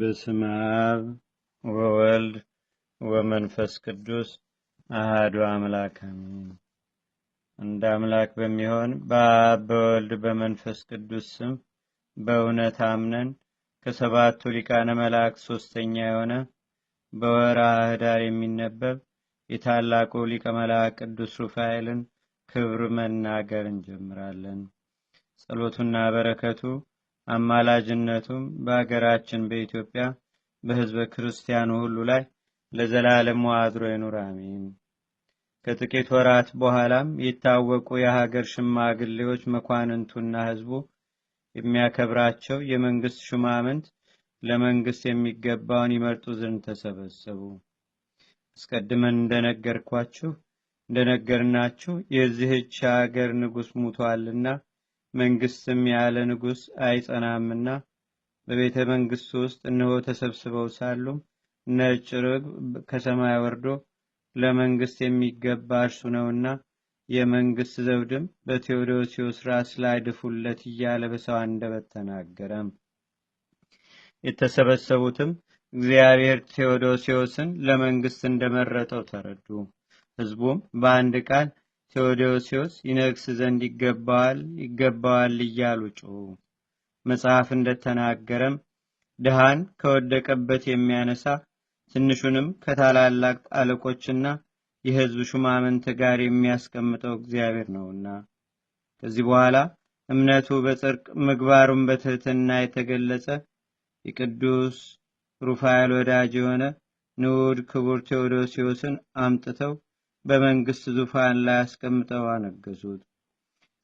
በስመ አብ ወወልድ ወመንፈስ ቅዱስ አህዱ አምላክ አሜን። እንደ አምላክ በሚሆን በአብ በወልድ በመንፈስ ቅዱስ ስም በእውነት አምነን ከሰባቱ ሊቃነ መላእክት ሶስተኛ የሆነ በወርሃ ኅዳር የሚነበብ የታላቁ ሊቀ መልአክ ቅዱስ ሩፋኤልን ክብር መናገር እንጀምራለን። ጸሎቱና በረከቱ አማላጅነቱም በአገራችን በኢትዮጵያ በህዝበ ክርስቲያኑ ሁሉ ላይ ለዘላለም አድሮ ይኑር፣ አሜን። ከጥቂት ወራት በኋላም የታወቁ የሀገር ሽማግሌዎች መኳንንቱና ህዝቡ የሚያከብራቸው የመንግስት ሹማምንት ለመንግስት የሚገባውን ይመርጡ ዘንድ ተሰበሰቡ። አስቀድመን እንደነገርኳችሁ እንደነገርናችሁ የዚህች ሀገር ንጉሥ ሙቷልና መንግስትም ያለ ንጉስ አይጸናምና በቤተ መንግስት ውስጥ እነሆ ተሰብስበው ሳሉ ነጭ ርግብ ከሰማይ ወርዶ ለመንግስት የሚገባ እርሱ ነውና የመንግስት ዘውድም በቴዎዶሲዎስ ራስ ላይ ድፉለት እያለ በሰው አንደበት ተናገረም። የተሰበሰቡትም እግዚአብሔር ቴዎዶሲዎስን ለመንግስት እንደመረጠው ተረዱ። ህዝቡም በአንድ ቃል ቴዎዶሲዎስ ይነግስ ዘንድ ይገባል ይገባዋል እያሉ ጮኹ። መጽሐፍ እንደተናገረም ድሃን ከወደቀበት የሚያነሳ ትንሹንም ከታላላቅ አለቆችና የህዝብ ሹማምንት ጋር የሚያስቀምጠው እግዚአብሔር ነውና። ከዚህ በኋላ እምነቱ በጽርቅ ምግባሩን በትህትና የተገለጸ የቅዱስ ሩፋኤል ወዳጅ የሆነ ንዑድ ክቡር ቴዎዶሲዎስን አምጥተው በመንግስት ዙፋን ላይ አስቀምጠው አነገሱት።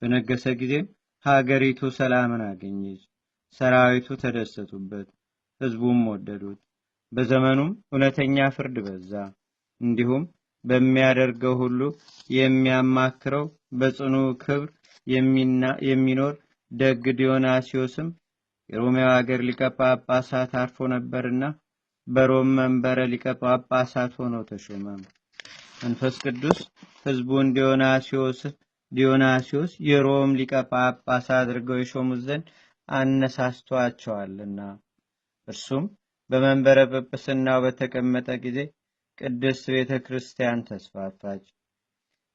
በነገሰ ጊዜም ሀገሪቱ ሰላምን አገኘች። ሰራዊቱ ተደሰቱበት፣ ህዝቡም ወደዱት። በዘመኑም እውነተኛ ፍርድ በዛ። እንዲሁም በሚያደርገው ሁሉ የሚያማክረው በጽኑ ክብር የሚኖር ደግ ዲዮናሲዮስም የሮሜው ሀገር ሊቀ ጳጳሳት አርፎ ነበርና በሮም መንበረ ሊቀ ጳጳሳት ሆኖ ተሾመም። መንፈስ ቅዱስ ህዝቡን ዲዮናሲዎስን ዲዮናሲዎስ የሮም ሊቀ ጳጳስ አድርገው የሾሙት ዘንድ አነሳስቷቸዋልና እርሱም በመንበረ ጵጵስናው በተቀመጠ ጊዜ ቅድስት ቤተ ክርስቲያን ተስፋፋች።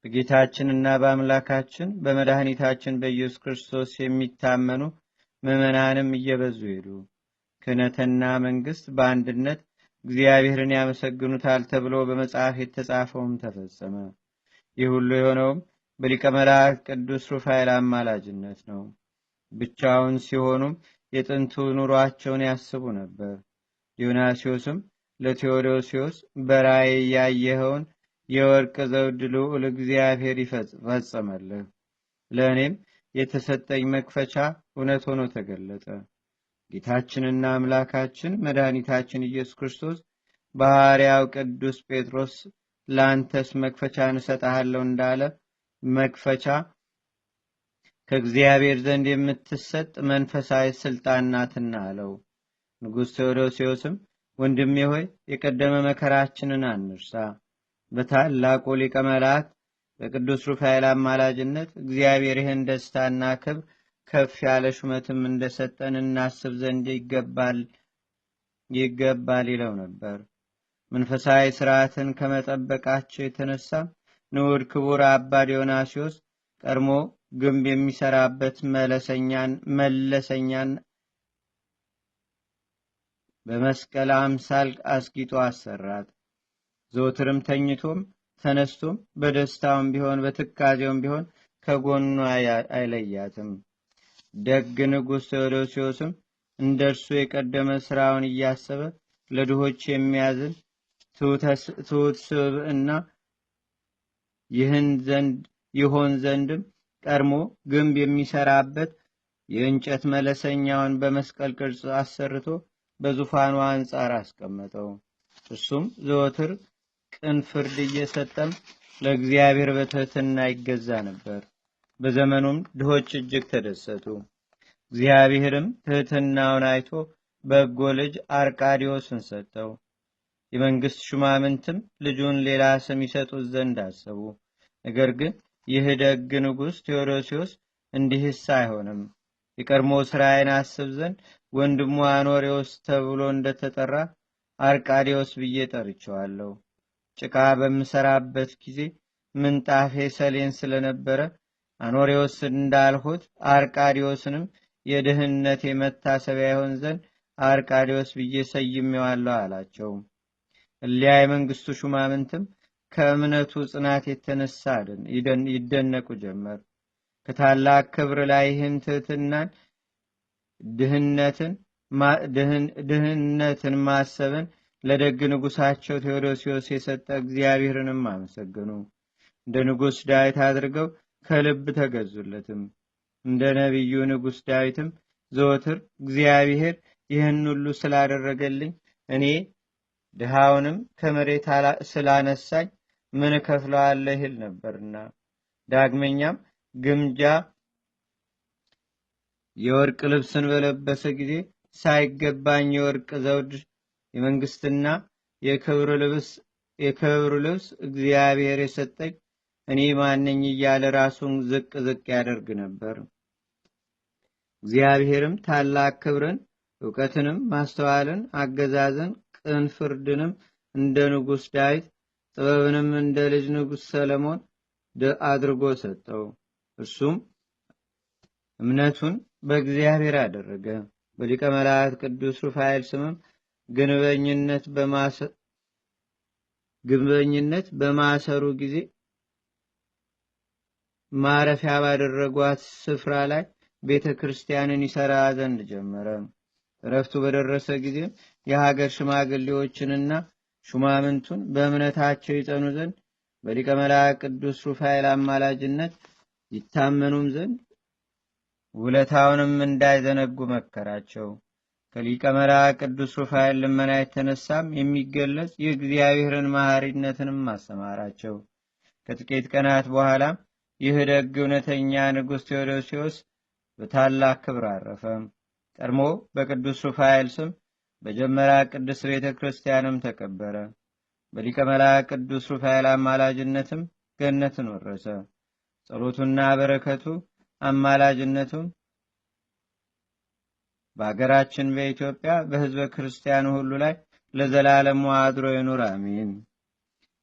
በጌታችንና በአምላካችን በመድኃኒታችን በኢየሱስ ክርስቶስ የሚታመኑ ምዕመናንም እየበዙ ሄዱ። ክህነትና መንግስት በአንድነት እግዚአብሔርን ያመሰግኑታል ተብሎ በመጽሐፍ የተጻፈውም ተፈጸመ። ይህ ሁሉ የሆነውም በሊቀ መላእክት ቅዱስ ሩፋኤል አማላጅነት ነው። ብቻውን ሲሆኑም የጥንቱ ኑሯቸውን ያስቡ ነበር። ዲዮናሲዎስም ለቴዎዶሲዎስ በራእይ ያየኸውን የወርቅ ዘውድ ልዑል እግዚአብሔር ይፈጸመልህ፣ ለእኔም የተሰጠኝ መክፈቻ እውነት ሆኖ ተገለጠ። ጌታችንና አምላካችን መድኃኒታችን ኢየሱስ ክርስቶስ ባሕርያው ቅዱስ ጴጥሮስ ለአንተስ መክፈቻ እንሰጠሃለሁ እንዳለ መክፈቻ ከእግዚአብሔር ዘንድ የምትሰጥ መንፈሳዊ ስልጣን ናትና አለው። ንጉሥ ቴዎዶሲዎስም ወንድሜ ሆይ የቀደመ መከራችንን አንርሳ። በታላቁ ሊቀ መላእክት በቅዱስ ሩፋኤል አማላጅነት እግዚአብሔር ይህን ደስታና ክብር ከፍ ያለ ሹመትም እንደሰጠን እናስብ ዘንድ ይገባል ይገባል ይለው ነበር። መንፈሳዊ ስርዓትን ከመጠበቃቸው የተነሳ ንዑድ ክቡር አባ ዲዮናስዮስ ቀድሞ ግንብ የሚሰራበት መለሰኛን መለሰኛን በመስቀል አምሳል አስጊጦ አሰራት። ዘውትርም ተኝቶም ተነስቶም በደስታውም ቢሆን በትካዜውም ቢሆን ከጎኗ አይለያትም። ደግ ንጉሥ ቴዎዶሲዎስም እንደ እርሱ የቀደመ ሥራውን እያሰበ ለድሆች የሚያዝን ትሑት ስብዕና ይሆን ዘንድም ቀድሞ ግንብ የሚሰራበት የእንጨት መለሰኛውን በመስቀል ቅርጽ አሰርቶ በዙፋኑ አንጻር አስቀመጠው። እሱም ዘወትር ቅን ፍርድ እየሰጠም ለእግዚአብሔር በትህትና ይገዛ ነበር። በዘመኑም ድሆች እጅግ ተደሰቱ። እግዚአብሔርም ትህትናውን አይቶ በጎ ልጅ አርቃዲዎስን ሰጠው። የመንግሥት ሹማምንትም ልጁን ሌላ ስም ይሰጡት ዘንድ አሰቡ። ነገር ግን ይህ ደግ ንጉሥ ቴዎዶሲዎስ እንዲህስ አይሆንም፣ የቀድሞ ሥራዬን አስብ ዘንድ ወንድሙ አኖሬዎስ ተብሎ እንደተጠራ አርቃዲዎስ ብዬ ጠርቸዋለሁ። ጭቃ በምሰራበት ጊዜ ምንጣፌ ሰሌን ስለነበረ አኖሬዎስ እንዳልሁት አርቃዲዎስንም የድህነት የመታሰቢያ ይሆን ዘንድ አርቃዲዎስ ብዬ ሰይሜዋለሁ አላቸው። እሊያ የመንግስቱ ሹማምንትም ከእምነቱ ጽናት የተነሳ ይደነቁ ጀመር። ከታላቅ ክብር ላይ ይህን ትህትናን፣ ድህነትን ማሰብን ለደግ ንጉሳቸው ቴዎዶሲዎስ የሰጠ እግዚአብሔርንም አመሰገኑ። እንደ ንጉሥ ዳዊት አድርገው ከልብ ተገዙለትም። እንደ ነቢዩ ንጉሥ ዳዊትም ዘወትር እግዚአብሔር ይህን ሁሉ ስላደረገልኝ እኔ ድሃውንም ከመሬት ስላነሳኝ ምን እከፍለዋለሁ ይል ነበርና ዳግመኛም ግምጃ የወርቅ ልብስን በለበሰ ጊዜ ሳይገባኝ የወርቅ ዘውድ የመንግስትና የክብር ልብስ እግዚአብሔር የሰጠኝ እኔ ማንኝ እያለ ራሱን ዝቅ ዝቅ ያደርግ ነበር። እግዚአብሔርም ታላቅ ክብርን፣ እውቀትንም፣ ማስተዋልን፣ አገዛዝን፣ ቅን ፍርድንም እንደ ንጉሥ ዳዊት ጥበብንም እንደ ልጅ ንጉሥ ሰለሞን አድርጎ ሰጠው። እርሱም እምነቱን በእግዚአብሔር አደረገ። በሊቀ መላእክት ቅዱስ ሩፋኤል ስምም ግንበኝነት በማሰሩ ጊዜ ማረፊያ ባደረጓት ስፍራ ላይ ቤተ ክርስቲያንን ይሰራ ዘንድ ጀመረ። እረፍቱ በደረሰ ጊዜም የሀገር ሽማግሌዎችንና ሹማምንቱን በእምነታቸው ይጸኑ ዘንድ በሊቀ መልአክ ቅዱስ ሩፋኤል አማላጅነት ይታመኑም ዘንድ ውለታውንም እንዳይዘነጉ መከራቸው። ከሊቀ መልአክ ቅዱስ ሩፋኤል ልመና የተነሳም የሚገለጽ የእግዚአብሔርን ማህሪነትንም አሰማራቸው። ከጥቂት ቀናት በኋላም ይህ ደግ እውነተኛ ንጉሥ ቴዎዶሲዎስ በታላቅ ክብር አረፈ። ቀድሞ በቅዱስ ሩፋኤል ስም በጀመራ ቅዱስ ቤተ ክርስቲያንም ተቀበረ። በሊቀ መላእክት ቅዱስ ሩፋኤል አማላጅነትም ገነትን ወረሰ። ጸሎቱና በረከቱ አማላጅነቱም በአገራችን በኢትዮጵያ በሕዝበ ክርስቲያኑ ሁሉ ላይ ለዘላለሙ አድሮ ይኑር፣ አሚን።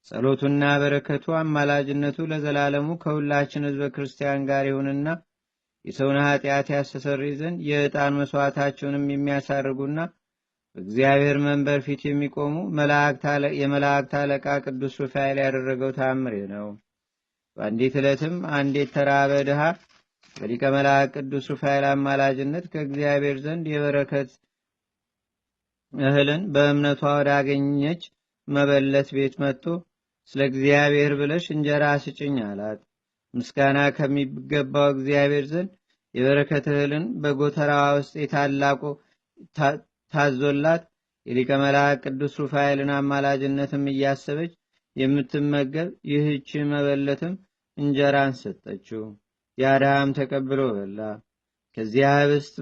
ጸሎቱና በረከቱ አማላጅነቱ ለዘላለሙ ከሁላችን ህዝበ ክርስቲያን ጋር ይሁንና የሰውን ኃጢአት ያስተሰርይ ዘንድ የዕጣን መስዋዕታቸውንም የሚያሳርጉና በእግዚአብሔር መንበር ፊት የሚቆሙ የመላእክት አለቃ ቅዱስ ሩፋኤል ያደረገው ታምሬ ነው። በአንዲት ዕለትም አንዲት ተራበ ድሃ በሊቀ መላእክት ቅዱስ ሩፋኤል አማላጅነት ከእግዚአብሔር ዘንድ የበረከት እህልን በእምነቷ ወዳገኘች መበለት ቤት መጥቶ ስለ እግዚአብሔር ብለሽ እንጀራ ስጭኝ አላት። ምስጋና ከሚገባው እግዚአብሔር ዘንድ የበረከት እህልን በጎተራዋ ውስጥ የታላቁ ታዞላት የሊቀ መልአክ ቅዱስ ሩፋኤልን አማላጅነትም እያሰበች የምትመገብ ይህች መበለትም እንጀራን ሰጠችው። ያድሃም ተቀብሎ በላ። ከዚያ ህብስት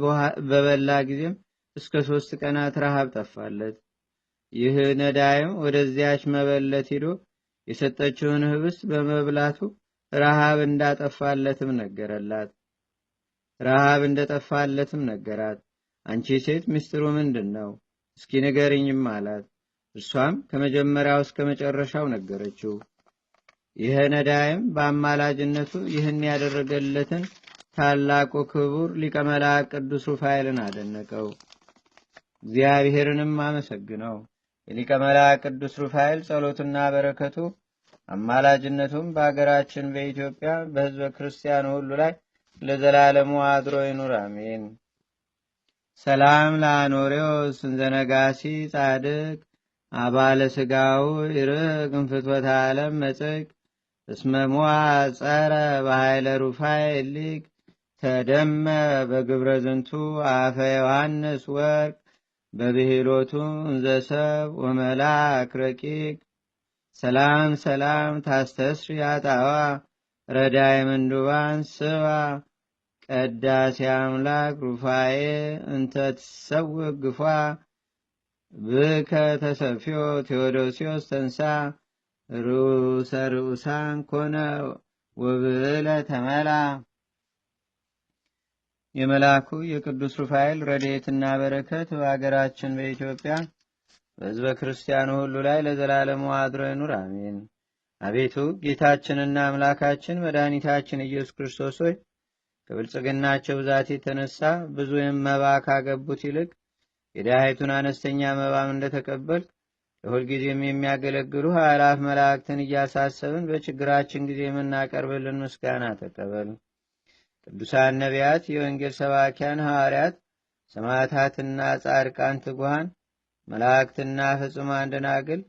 በበላ ጊዜም እስከ ሶስት ቀናት ረሃብ ጠፋለት። ይህ ነዳይም ወደዚያች መበለት ሂዶ የሰጠችውን ህብስት በመብላቱ ረሃብ እንዳጠፋለትም ነገረላት ረሃብ እንደጠፋለትም ነገራት አንቺ ሴት ምስጢሩ ምንድን ነው እስኪ ንገርኝም አላት እርሷም ከመጀመሪያው እስከ መጨረሻው ነገረችው ይህ ነዳይም በአማላጅነቱ ይህን ያደረገለትን ታላቁ ክቡር ሊቀመላ ቅዱሱ ቅዱስ ሩፋኤልን አደነቀው እግዚአብሔርንም አመሰግነው የሊቀ ቅዱስ ሩፋኤል ጸሎትና በረከቱ አማላጅነቱም በአገራችን በኢትዮጵያ በሕዝበ ክርስቲያኑ ሁሉ ላይ ለዘላለሙ አድሮ ይኑር፣ አሜን። ሰላም ለአኖሬዎስ እንዘነጋሲ ጻድቅ አባለ ስጋው ይርቅ እንፍትወት ዓለም መጽቅ እስመሟ ጸረ በኃይለ ሩፋኤል ሊቅ ተደመ በግብረ ዝንቱ አፈ ዮሐንስ ወርቅ በብሔሎቱም ዘሰብ ወመላክ ረቂቅ ሰላም ሰላም ታስተስሪ አጣዋ ረዳይ ምንዱባን ስባ ቀዳሴ አምላክ ሩፋዬ እንተ ትሰውቅ ግፏ ብከ ተሰፊዮ ቴዎዶሲዮስ ተንሳ ሩሰ ርኡሳን ኮነ ወብለ ተመላ የመልአኩ የቅዱስ ሩፋኤል ረድኤትና በረከት በሀገራችን በኢትዮጵያ በሕዝበ ክርስቲያኑ ሁሉ ላይ ለዘላለሙ አድሮ ይኑር፣ አሜን። አቤቱ ጌታችንና አምላካችን መድኃኒታችን ኢየሱስ ክርስቶስ ሆይ ከብልጽግናቸው ብዛት የተነሳ ብዙ መባ ካገቡት ይልቅ የድሃይቱን አነስተኛ መባም እንደተቀበልክ ለሁልጊዜም የሚያገለግሉ አእላፍ መላእክትን እያሳሰብን በችግራችን ጊዜ የምናቀርብልን ምስጋና ተቀበል። ቅዱሳን ነቢያት፣ የወንጌል ሰባኪያን ሐዋርያት፣ ሰማዕታትና ጻድቃን ትጉሃን፣ መላእክትና ፍጹማን ደናግል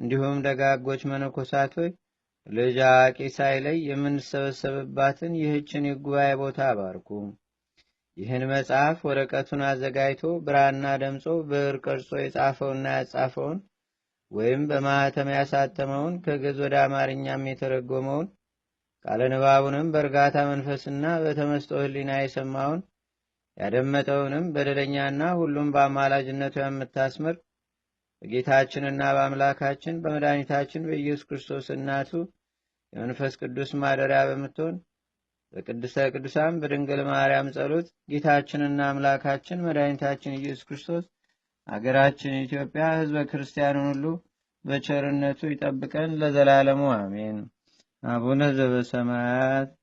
እንዲሁም ደጋጎች መነኮሳቶች ልጅ አዋቂ ሳይለይ የምንሰበሰብባትን ይህችን የጉባኤ ቦታ አባርኩ። ይህን መጽሐፍ ወረቀቱን አዘጋጅቶ ብራና ደምጾ ብዕር ቀርጾ የጻፈውና ያጻፈውን ወይም በማኅተም ያሳተመውን ከግዕዝ ወደ አማርኛም የተረጎመውን ቃለ ንባቡንም በእርጋታ መንፈስና በተመስጦ ህሊና የሰማውን ያደመጠውንም በደለኛና ሁሉም በአማላጅነቱ የምታስምር በጌታችንና በአምላካችን በመድኃኒታችን በኢየሱስ ክርስቶስ እናቱ የመንፈስ ቅዱስ ማደሪያ በምትሆን በቅድስተ ቅዱሳን በድንግል ማርያም ጸሎት ጌታችንና አምላካችን መድኃኒታችን ኢየሱስ ክርስቶስ አገራችን ኢትዮጵያ ህዝበ ክርስቲያኑን ሁሉ በቸርነቱ ይጠብቀን ለዘላለሙ አሜን። آبوند و بسامه